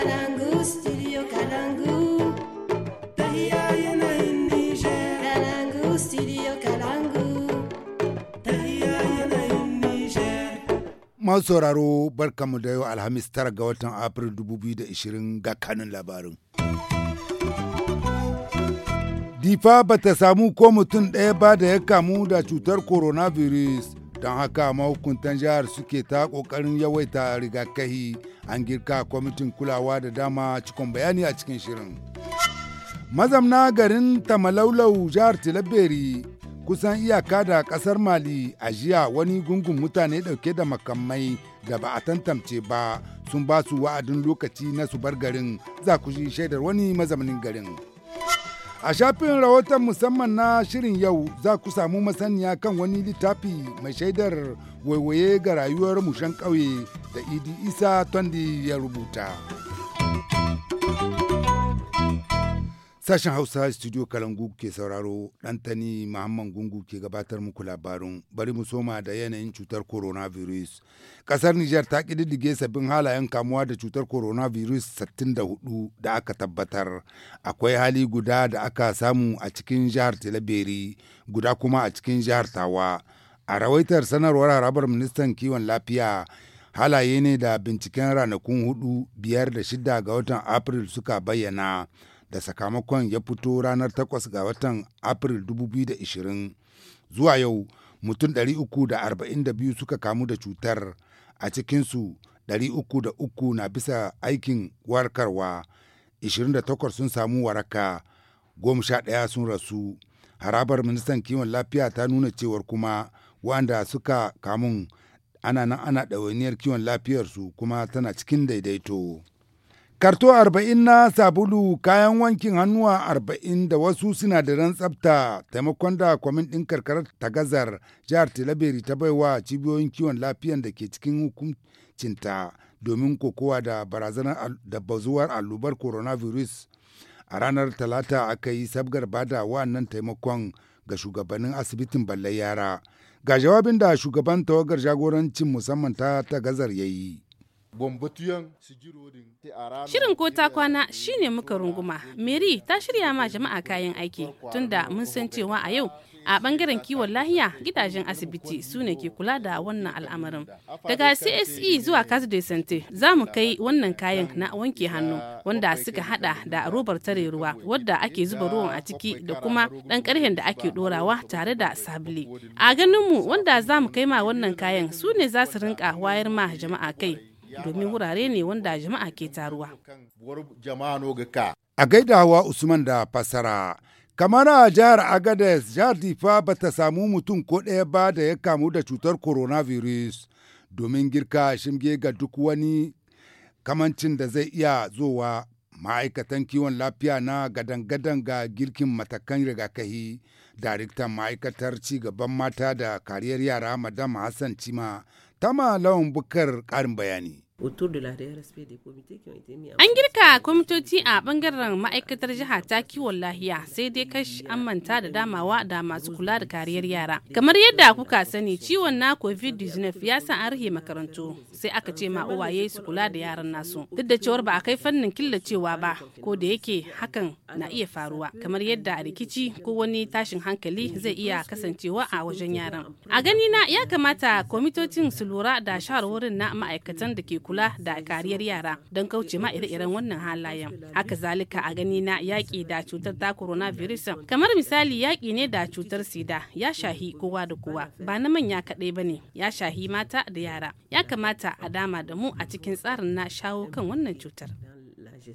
Kalangu, Masu sauraro barkamu da yau Alhamis tara ga watan Afrilu 2020 ga kanun labarin. Difa ba ta samu ko mutum ɗaya ba da ya kamu da cutar coronavirus. don haka mahukuntan jihar suke ta ƙoƙarin yawaita rigakahi an girka kwamitin kulawa da dama cikin bayani a cikin shirin mazamna garin tamalaulau jihar tilaberi kusan iyaka da kasar mali a jiya wani gungun mutane dauke da makamai da ba a tantance ba sun ba su wa'adin lokaci na su bar garin za ku ji shaidar wani mazamnin garin. A shafin rahoton musamman na shirin yau za ku samu masaniya kan wani littafi mai shaidar waiwaye ga rayuwar mushan ƙauye da Idi Isa Tondi ya rubuta. Sashen Hausa Studio Kalangu ke sauraro Ɗantani Muhammad Gungu ke gabatar muku labarun bari mu soma da yanayin cutar coronavirus. Ƙasar Nijar ta ƙididdige sabbin halayen kamuwa da cutar coronavirus 64 da aka tabbatar. Akwai hali guda da aka samu a cikin jihar Tilaberi guda kuma a cikin jihar Tawa. A rawaitar sanarwar harabar ministan kiwon lafiya halaye ne da binciken ranakun hudu biyar da shida ga watan Afril suka bayyana. da sakamakon ya fito ranar 8 ga watan Afril 2020. Zuwa yau, mutum 342 suka kamu da cutar, a cikinsu 303 na bisa aikin warkarwa, 28 sun samu waraka, 11 sun rasu. Harabar ministan kiwon lafiya ta nuna cewar kuma wanda suka kamun ana nan ana ɗawainiyar kiwon lafiyarsu kuma tana cikin daidaito. Karto arba'in na sabulu kayan wankin hannuwa arba'in da wasu sinadaran tsafta taimakon da kwamin ɗin karkarar gazar, jihar Tilaberi ta baiwa cibiyoyin kiwon lafiyan da ke cikin hukuncinta domin kokowa da barazanar da bazuwar allubar coronavirus. A ranar Talata aka yi sabgar bada wa'annan taimakon ga shugabannin asibitin ballai yara. Ga jawabin da shugaban tawagar jagorancin musamman ta gazar ya yi. Shirin ko ta kwana ne muka runguma. Mary ta shirya ma jama'a kayan aiki tunda mun san cewa a yau a bangaren kiwon lahiya gidajen asibiti su ne ke kula da wannan al'amarin. Daga CSE zuwa Casa de Sante za mu kai wannan kayan na wanke hannu wanda suka hada da robar tare ruwa wadda ake zuba ruwan a ciki da kuma dan karhen da ake dorawa tare da sabili. A ganin mu wanda za mu kai ma wannan kayan su ne za su rinka wayar ma jama'a kai domin wurare ne wanda jama'a ke taruwa. A gaidawa Usman da fasara, kamar a jihar Agadez, jihar Difa ba ta samu mutum ko ɗaya ba da ya kamu da cutar coronavirus domin girka shimge ga duk wani kamancin da zai iya zowa ma'aikatan kiwon lafiya na gadan-gadan ga girkin matakan rigakahi daraktan ma'aikatar gaban mata da kariyar yara madam hassan cima Tama Lawan Bukar ƙarin bayani. An girka kwamitoci a bangaren ma'aikatar jiha ta kiwon lahiya sai dai kash an manta da damawa da masu kula da kariyar yara. Kamar yadda kuka sani ciwon na COVID-19 ya sa an rufe makarantu sai aka ce ma uwaye su kula da yaran nasu. Duk da cewar ba a kai fannin killacewa ba ko da yake hakan na iya faruwa. Kamar yadda a rikici ko wani tashin hankali zai iya kasancewa a wajen yaran. A gani na ya kamata kwamitocin su lura da shawarwarin na ma'aikatan da ke kula da kariyar yara don kauce ma ire-iren wannan halayen haka zalika a gani na yaƙi da cutar ta coronavirus kamar misali yaƙi ne da cutar sida ya shahi kowa da kowa ba na manya kaɗai ba ne ya shahi mata da yara ya kamata a dama da mu a cikin tsarin na shawo kan wannan cutar.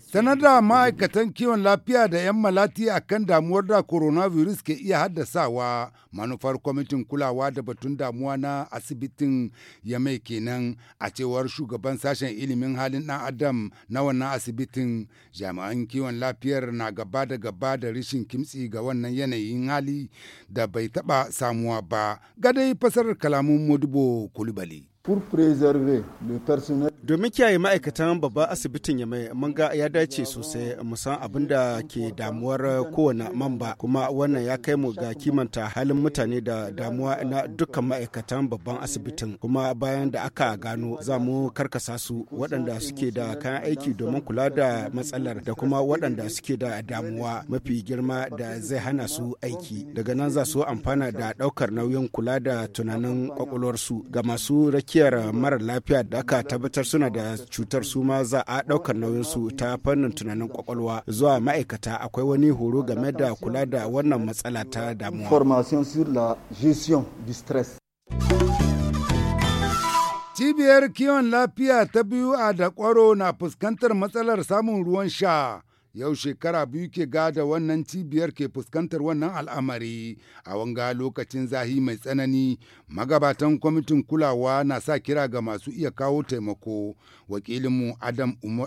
Sanar da ma'aikatan kiwon lafiya da 'yan malati a kan damuwar da coronavirus ke iya haddasawa manufar kwamitin kulawa da batun damuwa na asibitin ya mai kenan a cewar shugaban sashen ilimin halin ɗan adam na wannan asibitin jami'an kiwon lafiyar na gaba da gaba da rishin kimtsi ga wannan yanayin hali da bai taɓa samuwa ba gadai fasarar kalamun modibo kulubali. Domin kiyaye ma'aikatan babban asibitin ya mai manga ya dace sosai musan abin da ke damuwar kowane mamba kuma wannan ya kai mu ga kimanta halin mutane da damuwa na dukkan ma'aikatan babban asibitin kuma bayan da aka gano za mu karkasa su waɗanda suke da kayan aiki domin kula da matsalar da kuma waɗanda suke da damuwa mafi girma da zai hana su aiki daga nan za su amfana da ɗaukar nauyin kula da tunanin su ga masu rake tsakiyar mara lafiya da aka tabbatar suna da cutar su ma za a ɗaukar nauyinsu ta fannin tunanin kwakwalwa zuwa ma'aikata akwai wani horo game da kula da wannan matsala ta damuwa. Cibiyar kiwon lafiya ta biyu a da kwaro na fuskantar matsalar samun ruwan sha. yau shekara biyu ke gada wannan cibiyar ke fuskantar wannan al'amari a wanga lokacin zahi mai tsanani magabatan kwamitin kulawa na sa kira ga masu iya kawo taimako wakilinmu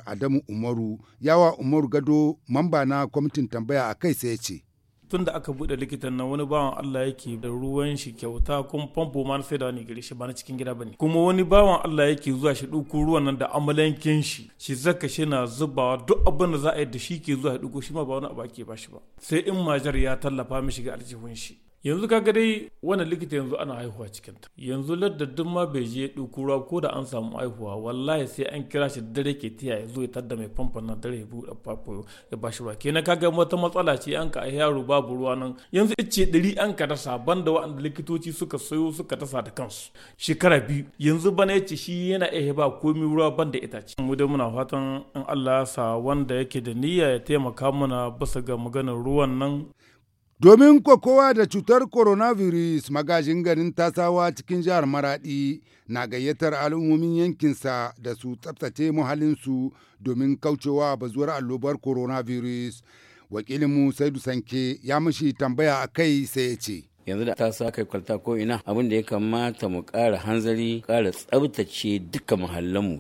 adamu umaru yawa umaru gado mamba na kwamitin tambaya a kai sai ce tun da aka bude likitan nan wani bawan Allah yake da ruwan shi kyauta kun famfo ma sai da wani gari shi ba na cikin gida bane kuma wani bawan Allah yake zuwa shi duku ruwan nan da amalankin shi shi zaka shi na zubawa duk abin da za a yi da shi ke zuwa shi duku shi ma ba wani abu ake ba shi ba sai in majar ya tallafa mishi ga aljihun shi yanzu ka ga dai wannan likita yanzu ana haihuwa cikinta yanzu ladda ma bai je dukura ko da an samu haihuwa wallahi sai an kira shi dare ke tiya ya zo ya tadda mai famfa na dare ya buɗe fafo ya ba shi ruwa kenan kaga wata matsala ce an ka yaro babu ruwa nan yanzu ice ɗari an ka dasa banda waɗanda likitoci suka sayo suka dasa da kansu shekara biyu yanzu bana ya ce shi yana iya ba komi ruwa banda itace mu dai muna fatan in Allah ya sa wanda yake da niyya ya taimaka mana basa ga maganar ruwan nan Domin ko kowa da cutar coronavirus magajin garin tasawa cikin jihar Maraɗi, na gayyatar al'ummomin yankinsa da su tsabtace muhallinsu domin kaucewa bazuwar allobar coronavirus. Wakilinmu Saidu Sanke ya mashi tambaya a kai sai ya ce. yanzu da ta sa kai kwalta ko ina abin da ya kamata mu ƙara hanzari ƙara tsabtace duka mu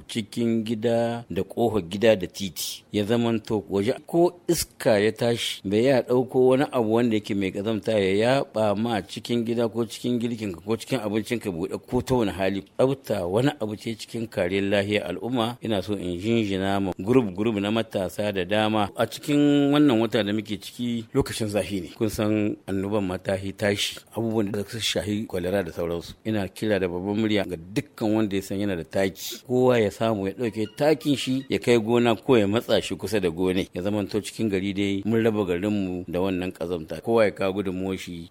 cikin gida da ƙofar gida da titi ya zamanto waje ko iska ya tashi bai ya ɗauko wani abu wanda yake mai kazamta ya yaɓa ma cikin gida ko cikin girkin ka ko cikin abincin ka buɗe ko ta wani hali tsabta wani abu ce cikin kariyar lahiyar al'umma ina so in jinjina ma gurub gurub na matasa da dama a cikin wannan wata da muke ciki lokacin zafi ne kun san annoban ta tashi abubuwan da suka shahi kwalera da sauransu ina kira da babban murya ga dukkan wanda ya san yana da taki kowa ya samu ya ɗauke takin shi ya kai gona ko ya matsa shi kusa da gone ya zamanto cikin gari dai mun raba garinmu da wannan ƙazamta kowa ya kawo gudunmuwar shi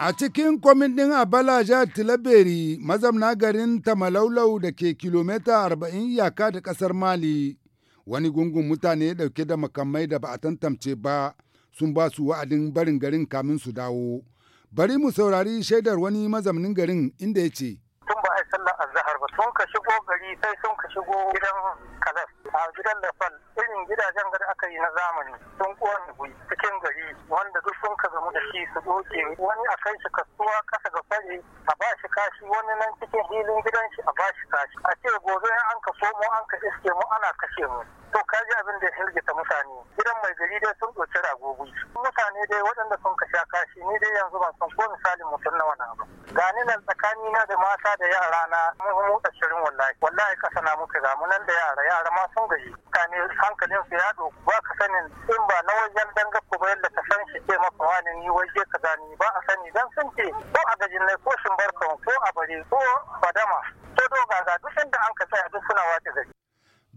A cikin kwamitin Abala jihar Tilaberi mazamna garin Tamalaulau da ke kilomita 40 iyaka da ƙasar Mali, wani gungun mutane ɗauke da makamai da ba a tantamce ba sun ba su wa'adin barin garin kamin su dawo. Bari mu saurari shaidar wani mazaunin garin inda ya ce. Tun ba a sallar azahar ba sun ka shigo gari sai sun ka shigo gidan kalas a gidan da fal irin gidajen gari aka yi na zamani sun kowane guri cikin gari wanda duk sun ka gamu da shi su doke wani a kai shi kasuwa kasa ga fari a ba shi kashi wani nan cikin hilin gidan shi a ba shi kashi a ce gobe an ka somo an ka iske mu ana kashe mu to ka ji abin da ya hirgita mutane gidan mai gari dai sun ɗauki ragogi mutane dai waɗanda sun ka sha kashi ni dai yanzu ban san ko misalin mutum na wani abu gani nan tsakani na da mata da yara na mu ashirin wallahi wallahi ƙasa na muke ga nan da yara yara ma sun gaji mutane hankalin su ya ɗauku ba ka sanin in ba na wajen dan ku ba yadda ka san shi ke maka wani ni waje ka gani ba a sani dan sun ce ko a gajin ne ko barkan ko a bare ko fadama to doga ga duk inda an ka tsaya duk suna wace gari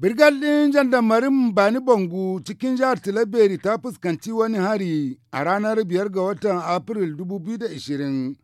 Birgal ɗin jandamarin Bani Bangu cikin jihar Tilaberi ta fuskanci wani hari a ranar 5 ga watan Afrilu 2020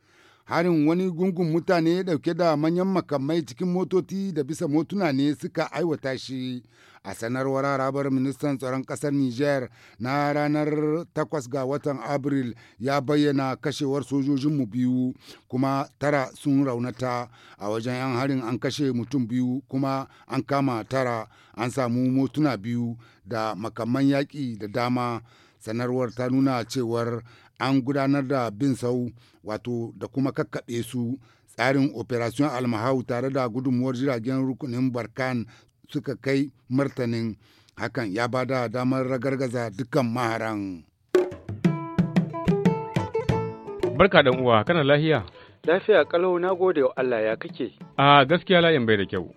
harin wani gungun mutane dauke da manyan makamai cikin motoci da bisa motuna ne suka aiwata shi a sanarwar rabar ministan tsaron kasar niger na ranar 8 ga watan abril ya bayyana kashewar sojojinmu biyu kuma tara sun raunata a wajen yan harin an kashe mutum biyu kuma an kama tara an samu motuna biyu da makaman yaƙi da dama sanarwar ta nuna cewar an gudanar da bin sau wato da kuma kakkaɓe su tsarin operation almahau tare da gudunmuwar jiragen rukunin barkan suka kai martanin hakan ya ba da damar ragargaza dukkan maharan barka dan uwa kana lahiya lafiya kalau na gode wa Allah ya kake a gaskiya layin bai da kyau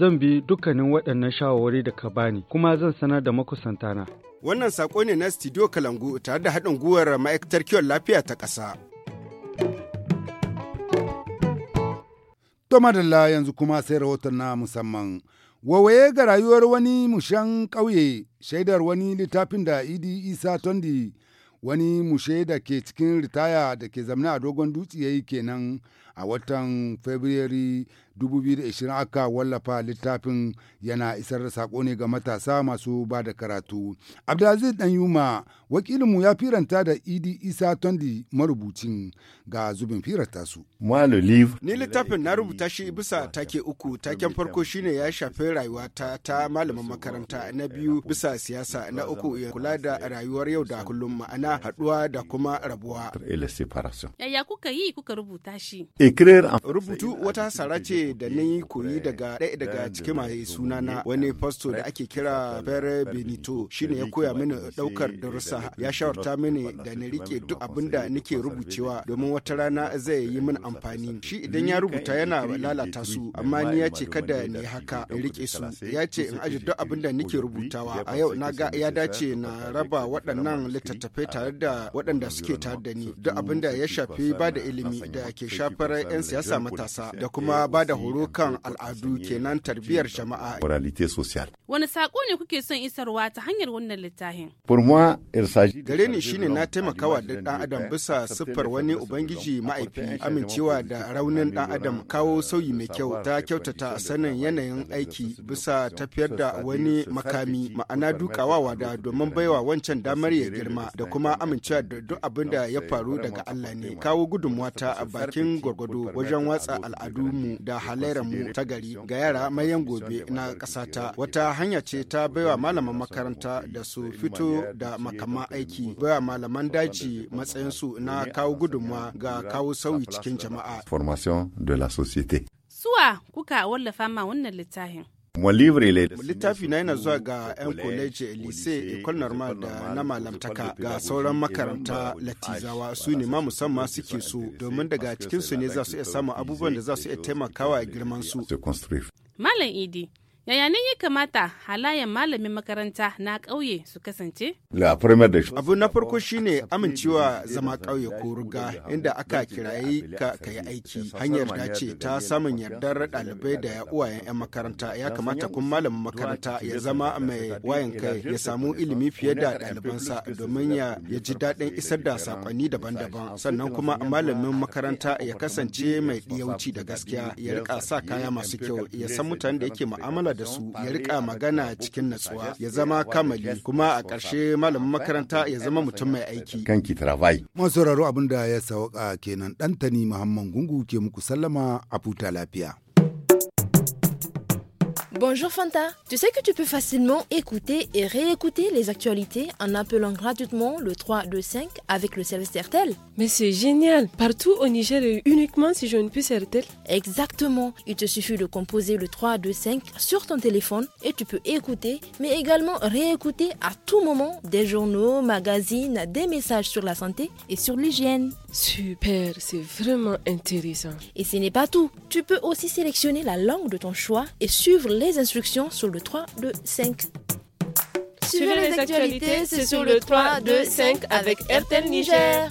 zan bi dukkanin waɗannan shawarwari da ka bani kuma zan sanar da makusantana. Wannan saƙo ne na Studio Kalangu tare da haɗin gwiwar ma'aikatar kiwon lafiya ta ƙasa. To madalla yanzu kuma sai rahoton na musamman. Wawaye ga rayuwar wani mushan ƙauye shaidar wani littafin da Idi Isa Tondi wani mushe da ke cikin ritaya da ke zamna a dogon dutse yayi kenan a watan Fabrairu 2020 aka wallafa littafin yana isar da sako ne ga matasa masu ba da karatu. Abdulaziz yuma wakilinmu ya firanta da Idi Isa Tondi marubucin ga zubin firar su. Ni littafin na rubuta shi bisa take uku, taken farko shine ya shafi rayuwa ta ta malamin makaranta, na biyu bisa siyasa, na uku ya kula da rayuwar yau da kullum ma'ana haɗuwa da kuma rabuwa. Yaya kuka yi kuka rubuta shi? Rubutu wata sara ce da na yi koyi daga ɗaya daga cikin maye na wani fasto da ake kira Pere Benito shine ya koya mini ɗaukar darussa ya shawarta mini da na rike duk abin da nake rubucewa domin wata rana zai yi min amfani shi idan ya rubuta yana lalata su amma ni ya ce kada ni haka in rike su ya ce in aji duk abin da nake rubutawa a yau na ga ya dace na raba waɗannan littattafai tare da waɗanda suke tare da ni duk abin da ya shafi ba da ilimi da ke shafar 'yan siyasa matasa da kuma ba da horo kan al'adu kenan tarbiyar jama'a. Wani saƙo ne kuke son isarwa ta hanyar wannan littafin? Gare ni shine na taimakawa da ɗan adam bisa siffar wani ubangiji ma'aifi amincewa da raunin ɗan adam kawo sauyi mai kyau ta kyautata sanin yanayin aiki bisa tafiyar da wani makami ma'ana dukawa da domin baiwa wancan damar ya girma da kuma amincewa da duk abin da ya faru daga Allah ne kawo gudunmuwa ta a bakin gwargwado wajen watsa al'adunmu da halayyar mu ta gari ga yara mayan gobe na ƙasata wata hanya ce ta baiwa malaman makaranta da su fito da makama aiki baiwa malaman daji matsayinsu na kawo gudunmawa ga kawo sauyi cikin jama'a. la Suwa kuka wallafa ma wannan littafin. littafi na yana zuwa ga 'yan kwaleji lise ecole normal da na malamtaka ga sauran makaranta latizawa su ne ma musamman suke so domin daga cikinsu ne za su iya samun abubuwan da za su iya taimakawa girman su malam idi Yaya ne ya kamata halayen malamin makaranta na ƙauye su kasance? Abu na farko shine amincewa zama ƙauye ko ruga inda aka kiraye ka kai aiki. Hanyar da ce ta samun yardar ɗalibai da uwayen 'yan makaranta ya kamata kun malamin makaranta ya zama mai wayan kai ya samu ilimi fiye da ɗalibansa domin ya ji daɗin isar da saƙonni daban-daban. Sannan kuma malamin makaranta ya kasance mai ɗiyauci da gaskiya ya rika sa kaya masu kyau ya san mutanen da yake mu'amala da su ya rika magana cikin natsuwa ya zama kamali kuma a ƙarshe malamin makaranta ya zama mutum mai aiki. Kanki travai. Masu sauraro abin da ya sauka kenan ɗantani Muhammad Gungu ke muku sallama a futa lafiya. Bonjour Fanta, tu sais que tu peux facilement écouter et réécouter les actualités en appelant gratuitement le 325 avec le service RTL. Mais c'est génial, partout au Niger et uniquement si je ne puisse RTL. Exactement, il te suffit de composer le 325 sur ton téléphone et tu peux écouter mais également réécouter à tout moment des journaux, magazines, des messages sur la santé et sur l'hygiène. Super, c'est vraiment intéressant. Et ce n'est pas tout. Tu peux aussi sélectionner la langue de ton choix et suivre les instructions sur le 3, 2, 5. Suivez les actualités, c'est sur le 3, 2, 5 avec RTL Niger.